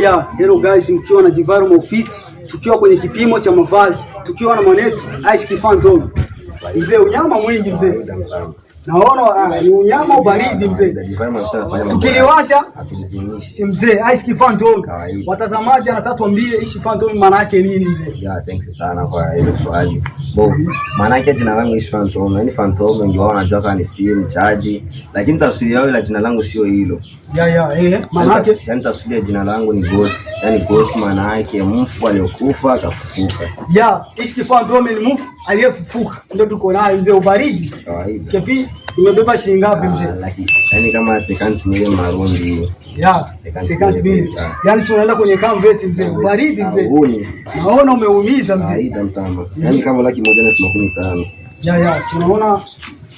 Yeah, hello guys, mkiwa na Jivaro Mofit, tukiwa kwenye kipimo cha mavazi, tukiwa na mwanetu Aishi Kifantolo. Mzee unyama mwingi mzee. Naona ah, ni unyama ubaridi mzee. Tukiliwasha mzee Aishi Kifantolo. Watazamaji anataka tuambie Aishi Kifantolo maana yake nini mzee? Yeah, thanks sana kwa hilo swali. Bo, maana yake jina langu Aishi Kifantolo, yani Fantolo ndio wanajua kama ni si chaji, lakini tafsiri yao la jina langu sio hilo ya ya eh, eh. maana yake yani, tafsiri ya jina langu ni ghost, yani ghost maana yake mfu aliyokufa akafufuka. Ya ishkifaa ndio mimi mfu aliyefufuka, ndio tuko naye mzee. Ubaridi kawaida kepi, umebeba shilingi ngapi mzee? Ah, yani kama sekansi mimi marundi ya sekansi mimi, yani tunaenda kwenye kamveti mzee. Ah, ubaridi mzee, naona umeumiza mzee, kawaida mtamba, yani kama laki moja na elfu makumi tano. Ya ya tunaona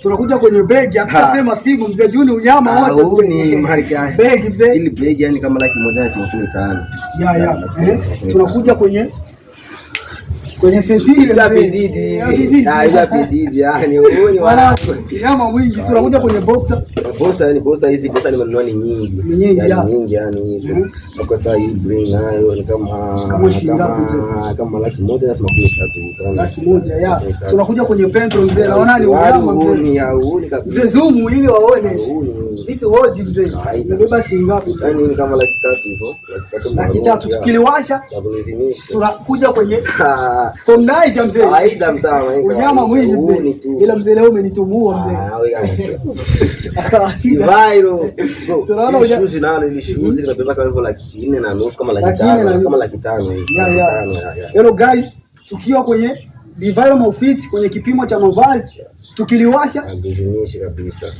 tunakuja kwenye begi, akasema simu mzee Juni unyama wote begi mzee, ili begi yani kama laki moja tunakuja kwenye kwenye seti ile ya bididi na ya bididi, ah, ah, yani wewe ni wana kama mwingi tu unakuja kwenye boxer boxer, yani boxer hizi boxer ni maneno ni nyingi nyingi nyingi, yani hizo kwa sasa hii mm-hmm. green nayo ni kama kama shilingi kama laki moja na tunakula tatu laki moja ya tunakuja kwenye pento mzee, naona ni wao ni au ni kabisa, zoom ili waone vitu hoji mzee. Nimebeba shilingi ngapi? Yaani ni kama laki tatu hivyo. Laki tatu tukiliwasha tunakuja kwenye from night mzee. Kawaida mtawa. Unyama mwingi mzee. Ila mzee leo umenitumua mzee. Ah, Viral. Tunaona uja. Shoes na ile shoes mhm. nimebeba kama hivyo laki 4 na nusu kama laki 5 kama laki 5. Yeah yeah. Hello guys, tukiwa kwenye Divine Outfit kwenye kipimo cha mavazi tukiliwasha kabisa.